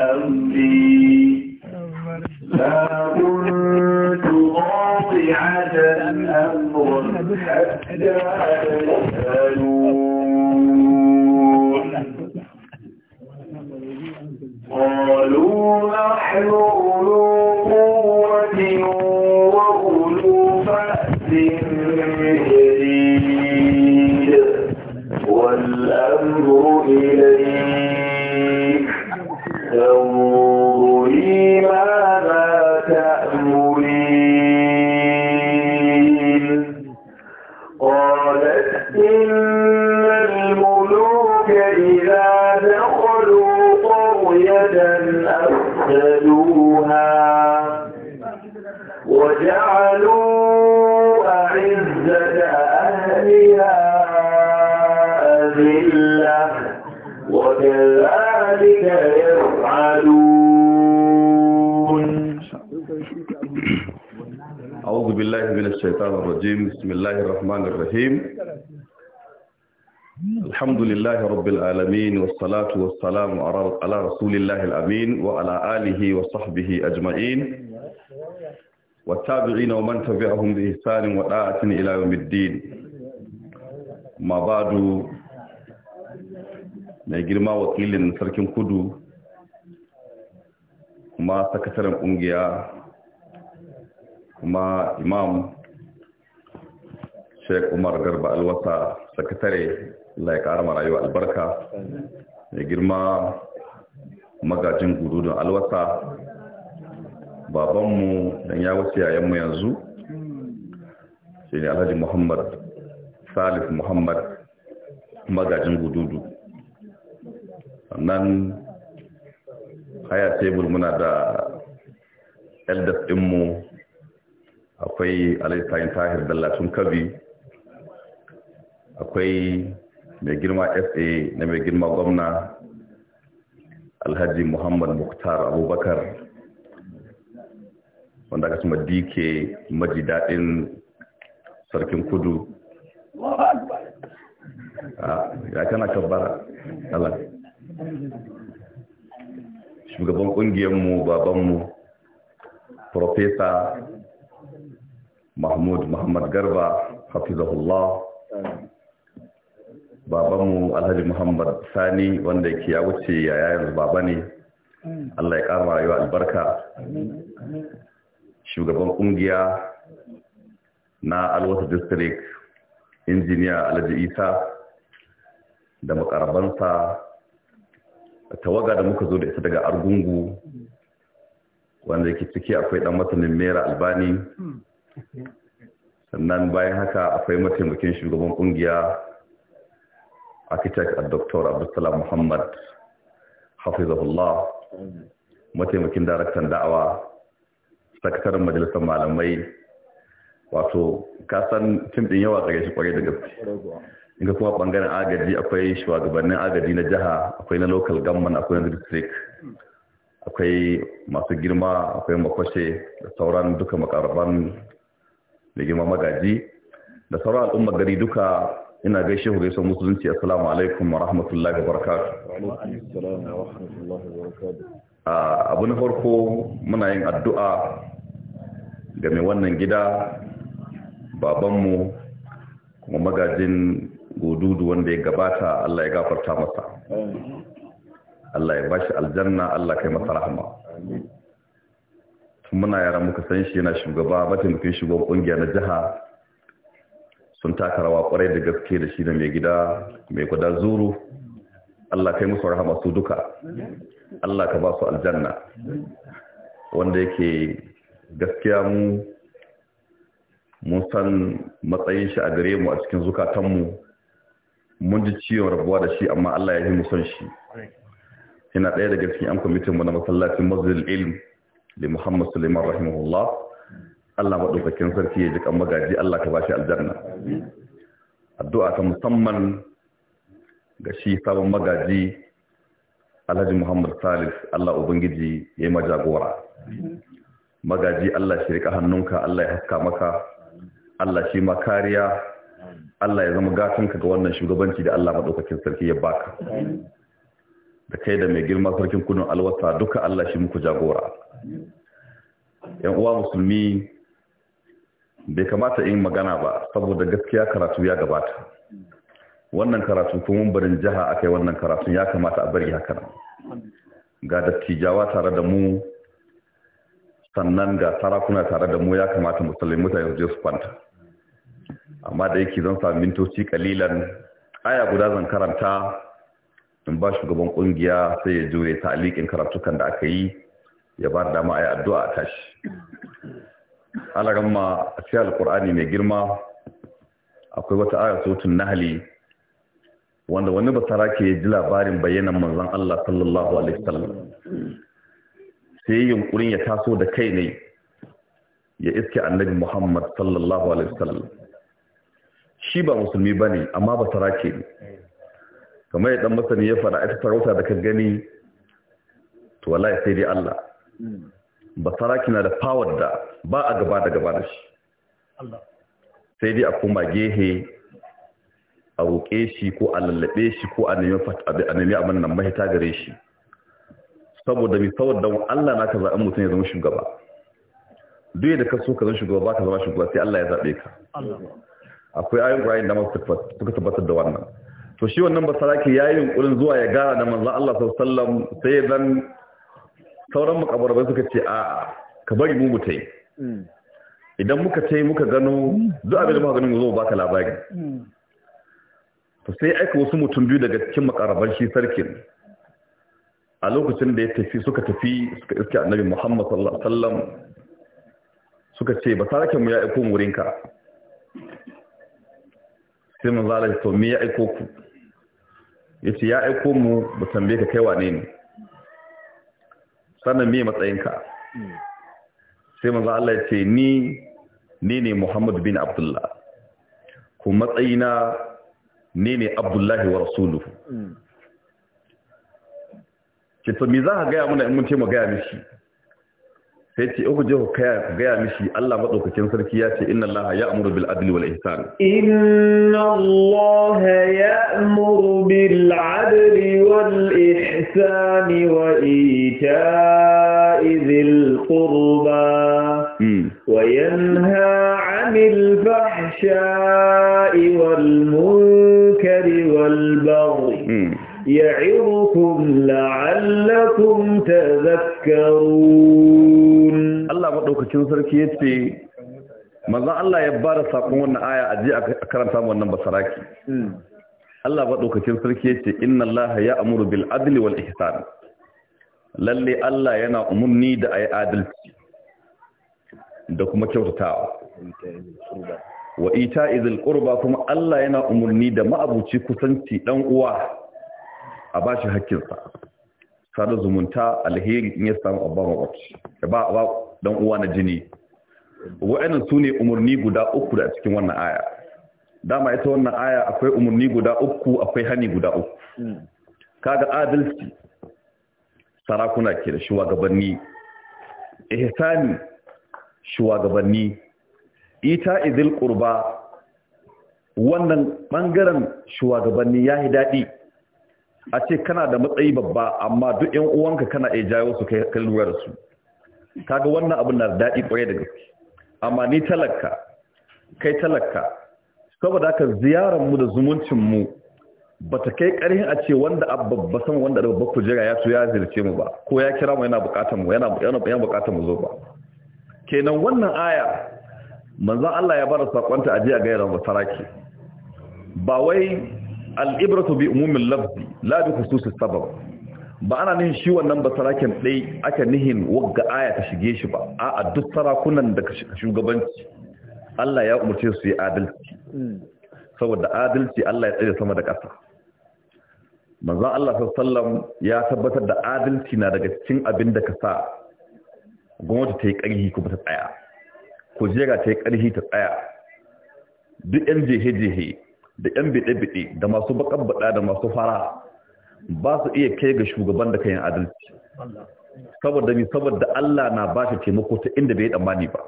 أمري لا كنت قاطعة أمرا حتى وكذلك يفعلون أعوذ بالله من الشيطان الرجيم بسم الله الرحمن الرحيم الحمد لله رب العالمين والصلاة والسلام على رسول الله الأمين وعلى آله وصحبه أجمعين والتابعين ومن تبعهم بإحسان وطاعة إلى يوم الدين ما بعد mai girma wakilin sarkin kudu kuma sakataren kungiya kuma imam sheik umar garba alwasa sakatare Lai laikar marayu albarka mai girma magajin gududun alwasa babanmu don ya wasu yayanmu yanzu shi ne alhaji muhammad salif muhammad magajin gududu sannan haya tebur muna da elders ɗinmu akwai alaisayin tahir dallatun kabi akwai mai girma sa na mai girma gwamna alhaji muhammad muktar abubakar wanda aka suma dk maji daɗin sarkin kudu ah, ya kana kabbara Allah ƙungiyarmu babanmu Profesa Mahmud Muhammad Garba Hafizahullah babanmu Alhaji Muhammad Sani wanda yake ya wuce yaya yanzu baba ne Allah ya ƙara rayuwa albarka shugaban ƙungiya na Alwata District Injiniya Alhaji Isa da makarabansa tawaga da muka zo da ita daga argungu wanda yake ciki akwai dan masanin mera albani sannan bayan haka akwai mataimakin shugaban kungiya architect a dr abdulsalam muhammad hafizahullah mataimakin daraktan da'awa sakataren majalisar malamai wato kasan tim din yawa gare kwarai da gaske ga kuma bangaren agaji akwai shugabannin agaji na jiha akwai na local government akwai na district akwai masu girma akwai makwashe da sauran duka makaraban da girma magaji da sauran al'ummar gari duka ina gaishe ku gaisuwar musulunci assalamu alaikum wa rahmatullahi wa barakatuh abu na farko muna yin addu'a ga mai wannan gida babanmu kuma magajin gududu wanda ya gabata Allah ya gafarta masa Allah ya bashi aljanna Allah kai masa rahama tun muna yara muka san shi yana shugaba mataimakin shugaban kungiya na jiha sun taka rawa kwarai da gaske da shi da mai gida mai guda zuru Allah kai musu rahama su duka Allah ka ba su aljanna wanda yake gaskiya mu mun san matsayin shi a gare mu a cikin zukatanmu mun ji ciwon rabuwa da shi amma Allah ya yi mu son shi yana ɗaya daga cikin an kwamitin mu na masallacin masjidil ilm li Muhammad Suleiman rahimahullah Allah maɗaukakin sarki ya ji kan magaji Allah ka bashi aljanna addu'a ta musamman ga shi sabon magaji Alhaji Muhammad Salis Allah ubangiji ya yi majagora magaji Allah shi rika hannunka Allah ya haska maka Allah shi ma kariya Allah ya zama ka ga wannan shugabanci da Allah maɗaukakin sarki ya baka. Da kai da mai girma sarkin kudin alwata duka Allah shi muku jagora. ‘Yan uwa musulmi bai kamata in magana ba saboda gaskiya karatu ya gabata. Wannan karatu kuma barin jiha aka yi wannan karatu ya kamata a bari haka Ga dattijawa tare da mu sannan ga sarakuna tare da mu ya kamata musulmi mutane su je su kwanta. amma da yake zan sami mintoci kalilan aya guda zan karanta in ba shugaban kungiya sai ya jure ta'alikin karatukan da aka yi ya ba da dama a yi addu'a a tashi gama a cikin alkur'ani mai girma akwai wata aya sotun nahali wanda wani basara ke ji labarin bayyanan manzon Allah sallallahu alaihi wasallam sai yunkurin ya taso da kai ne ya iske annabi Muhammad sallallahu alaihi wasallam shi ba musulmi ba ne amma ba sarake ne kamar yadda masani ya fara ita sarauta da ka gani to wallahi sai dai Allah hmm. ba sarake na da power da ba a gaba da gaba da shi sai dai a kuma gehe a roƙe shi ko a lallaɓe shi ko a nemi abin nan mahita gare shi saboda mi saboda Allah na ka zaɓi mutum ya zama shugaba duk da ka so ka zama shugaba ba ka zama shugaba sai Allah ya zaɓe ka akwai ayin ƙwayin da masu suka tabbatar da wannan to shi wannan saraki ya yi yunkurin zuwa ya gara da manzan Allah sallam sai ya zan sauran makabarbai suka ce a ka bari mu mu tai mm. idan muka tai muka gano duk abin da muka ganin zo baka labari mm. to sai aika wasu mutum biyu daga cikin makarabar shi sarkin a lokacin da ya tafi suka tafi suka iske annabi Muhammad sallallahu alaihi wasallam suka ce sarakin mu ya iko mu wurinka sai manzo zala to me ya aiko ku yace ya aiko mu mu tambaye ka kai wane ne sannan me matsayinka sai manzo zala ya ce ni ni ne Muhammad bin Abdullah ku matsayina ni ne Abdullahi wa rasuluhu ce hmm. to me za ka gaya mana in mun ce mu gaya mishi sai ce uku je ku gaya mishi Allah madaukakin sarki ya ce inna Allah ya'muru bil adli wal ihsan inna Allah ya'muru bil adli wal ihsan wa ita'i dhil qurba wa yanha 'anil fahsha'i wal munkari wal baghi يعظكم لعلكم تذكرون maɗaukacin sarki ya ce manzan Allah ya ba da saƙon wannan aya a ji a karanta wannan basaraki hmm. Allah maɗaukacin sarki ya ce inna Allah ya amuru bil adli wal ihsan lalle Allah yana umarni da yi adalci da kuma kyautatawa wa ita izil ƙurba kuma Allah yana umarni da ma'abuci kusanci dan uwa a bashi hakkinsa sada zumunta alheri in ya samu abba makwabci ba dan uwa na jini wa'annan sune umarni guda uku da cikin wannan aya dama ita wannan aya akwai umurni guda uku akwai hani guda uku kaga adalci sarakuna ke da shugabanni ihsani shugabanni ita idil qurba wannan bangaren shugabanni yayi dadi a ce kana da matsayi babba amma duk ƴan uwanka kana iya jawo su kai da su kaga wannan abin na daɗi ƙwarai da gaske amma ni talaka kai talaka saboda haka ziyarar mu da zumuncinmu mu bata kai ƙarhin a ce wanda abba sama wanda da babbar kujera ya so ya zirce mu ba ko ya kira mu yana buƙatar mu yana yana mu zo ba kenan wannan aya manzon Allah ya bar sakonta jiya a gairar masaraki ba wai al-ibratu bi umumil lafzi la bi khususis sabab ba ana nihin shi wannan ba sarakin ɗai aka nihin wagga aya ta shige shi ba a duk sarakunan da shugabanci Allah ya umarce su yi adalci saboda adalci Allah ya tsaye sama da ƙasa manzon Allah sallam ya tabbatar da adalci na daga cikin abin da ka sa gwamnati ta yi ƙarhi kuma ta tsaya kujera ta yi ƙarhi ta tsaya duk 'yan jehe-jehe da 'yan biɗe-biɗe da masu baɗa da masu fara ba su iya kai ga shugaban da kayan adalci saboda mi saboda Allah na ba shi taimako ta inda bai tsammani ba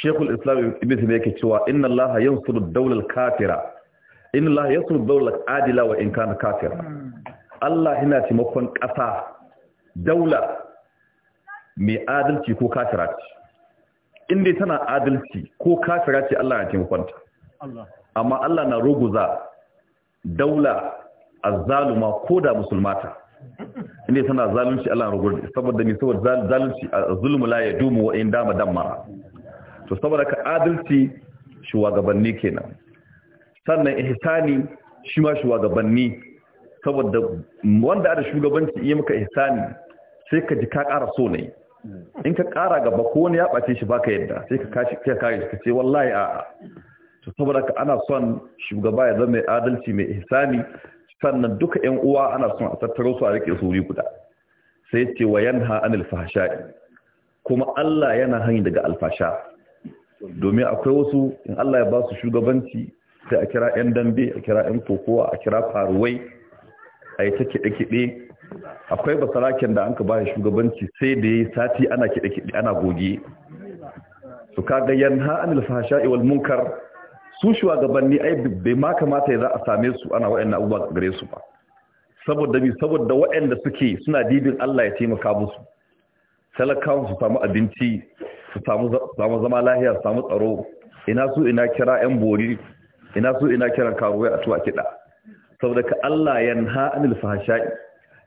Sheikhul Islam Ibn Taymiyyah yake cewa inna Allah yansuru ad daular kafira inna Allah yansuru ad daular adila wa in kana kafira Allah yana taimakon ƙasa daula mai adalci ko kafira ce inda tana adalci ko kafira ce Allah na taimakonta amma Allah na ruguza daula azzaluma ko da musulmata inda tana zalunci Allah rugur saboda ni saboda zalunci a zulmu la yadumu wa in dama damma to saboda ka adalci shugabanni kenan sannan ihsani shi ma shugabanni saboda wanda da shugabanci yi maka ihsani sai ka ji ka ƙara so ne in ka ƙara gaba ko wani ya ɓace shi baka yadda sai ka kashi ka kare shi ka ce wallahi a'a to saboda ka ana son shugaba ya zama mai adalci mai ihsani sannan duka 'yan uwa ana son a tattaro su a rike su wuri guda sai ce wa ha anil fahsha'i kuma Allah yana hani daga alfasha domin akwai wasu in Allah ya ba su shugabanci sai a kira ƴan dambe a kira ƴan kokowa a kira faruwai a yi ta kiɗe-kiɗe akwai basaraken da an ka ba shugabanci sai da ya yi sati ana kiɗe-kiɗe ana goge su kaga yanha anil fahsha'i wal munkar su shugabanni ai bai ma kamata ya za a same su ana waɗannan abubuwa gare su ba saboda bi saboda waɗanda suke suna dibin Allah ya taimaka musu talakawan su samu abinci su samu zama lahiya su samu tsaro ina su ina kira yan bori ina su ina kiran karuwai a tuwa kiɗa saboda ka Allah yanha anil fahsha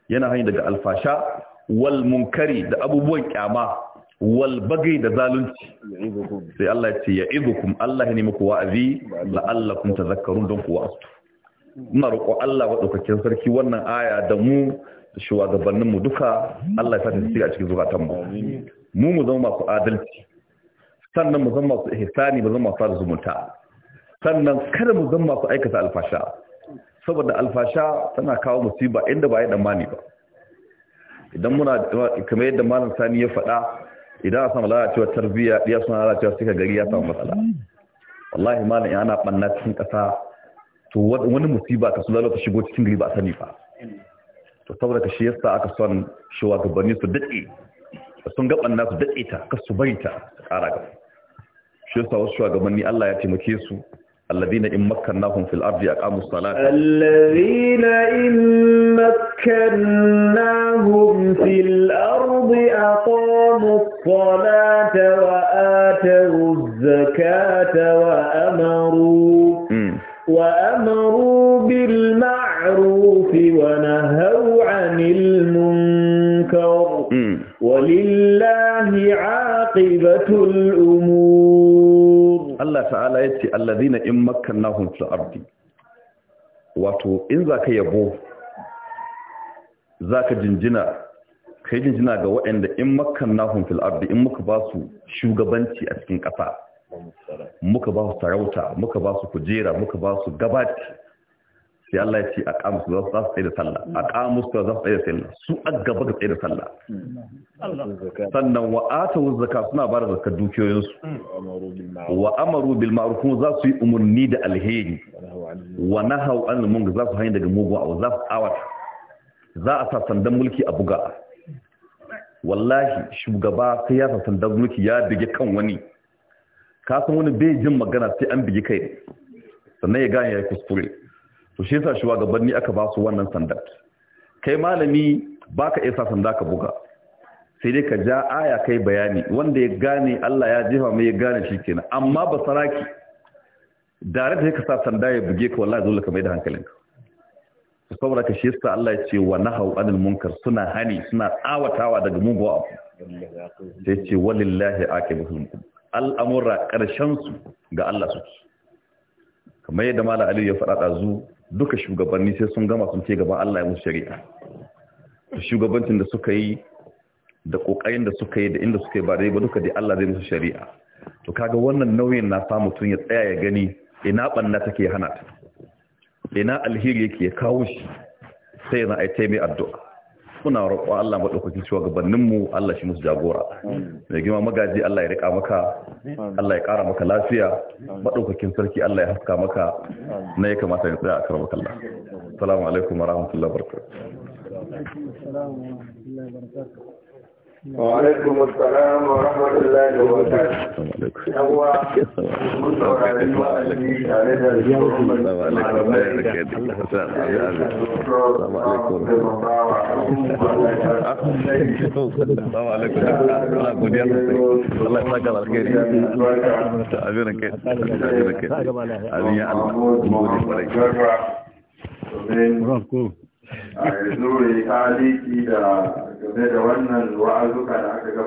yana hanyar daga alfasha wal munkari da abubuwan kyama wal da zalunci sai Allah ya ce ya izukum Allah ne muku wa'azi la'allakum tadhakkarun don ku wa'azu muna roƙo Allah wa daukakin sarki wannan aya da mu da shugabannin mu duka Allah ya sa ta a cikin zuwa mu mu mu zama masu adalci sannan mu zama masu ihsani mu zama masu zumunta sannan kada mu zama masu aikata alfasha saboda alfasha tana kawo musiba inda ba ya damani ba idan muna kamar yadda malam sani ya faɗa idan a samu lalacewar tarbiyya ɗiya suna lalacewar suka gari ya samu matsala wallahi ma in ana ɓanna cikin ƙasa to wani musiba ka su lalata shigo cikin gari ba a sani ba to saboda ka shi yasa aka son shugabanni su daɗe sun ga ɓanna su daɗe ta ka su bari ta ta ƙara gaba shi yasa wasu shugabanni Allah ya taimake su الذين إن مكناهم في الأرض أقاموا الصلاة الذين إن مكناهم في الأرض أقاموا الصلاة وآتوا الزكاة وأمروا وأمروا بالمعروف ونهوا عن المنكر ولله عاقبة الأمور الله تعالى يتي الذين إن مكناهم في الأرض وتو إن ذاك يبوه ذاك جنجنا kai jinjina ga waɗanda in makan nahun fil ardi in muka ba su shugabanci a cikin ƙasa muka ba su sarauta muka ba su kujera muka ba su gabati sai Allah ya ce a kamus za su tsaye da sallah a kamus za su tsaye da sallah su a gaba ga tsaye da sallah sannan wa atawu zakka suna ba da zakkar dukiyoyinsu wa amaru bil ma'ruf kuma za su yi umarni da alheri wa nahau anil munkar za su hanyar daga mugun abu za su awata za a sa sandan mulki a buga wallahi shugaba sai ya sassan ya bige kan wani kasan wani bai jin magana sai an bige kai sannan ya gane ya kuskure to shi yasa shugabanni aka ba su wannan sandar kai malami baka iya sa sanda ka buga sai dai ka ja aya kai bayani wanda ya gane Allah ya jefa mai ya gane shi kenan amma ba saraki dare da ka sa sanda ya buge ka wallahi dole ka mai da hankalinka saboda ka shi yasa Allah ya ce wa nahau anil munkar suna hani suna tsawatawa daga muguwa. abu sai ce walillahi akibatul mukum al'amura karshen su ga Allah su kamar yadda malam Ali ya faɗa zu duka shugabanni sai sun gama sun ce gaban Allah ya musu shari'a shugabancin da suka yi da kokarin da suka yi da inda suka yi ba dai ba duka dai Allah zai musu shari'a to kaga wannan nauyin na sa mutum ya tsaya ya gani ina banna take hana ta ina alheri yake kawo shi sai yana aita mai addu'a muna roƙo Allah maɗaukakin mu Allah shi musu jagora mai gima magaji Allah ya rika maka Allah ya ƙara maka lafiya maɗaukakin sarki Allah ya haska maka na ya kamata ya tsaya a karamar kalla salamu alaikum wa rahmatullahi wa barakatuh وعليكم السلام ورحمة الله وبركاته هو كنت أرى الإجواء الذي عليها اليوم السلام عليكم السلام عليكم السلام عليكم السلام عليكم a yanzu mai taliki da game da wannan wa'azuka da aka gaba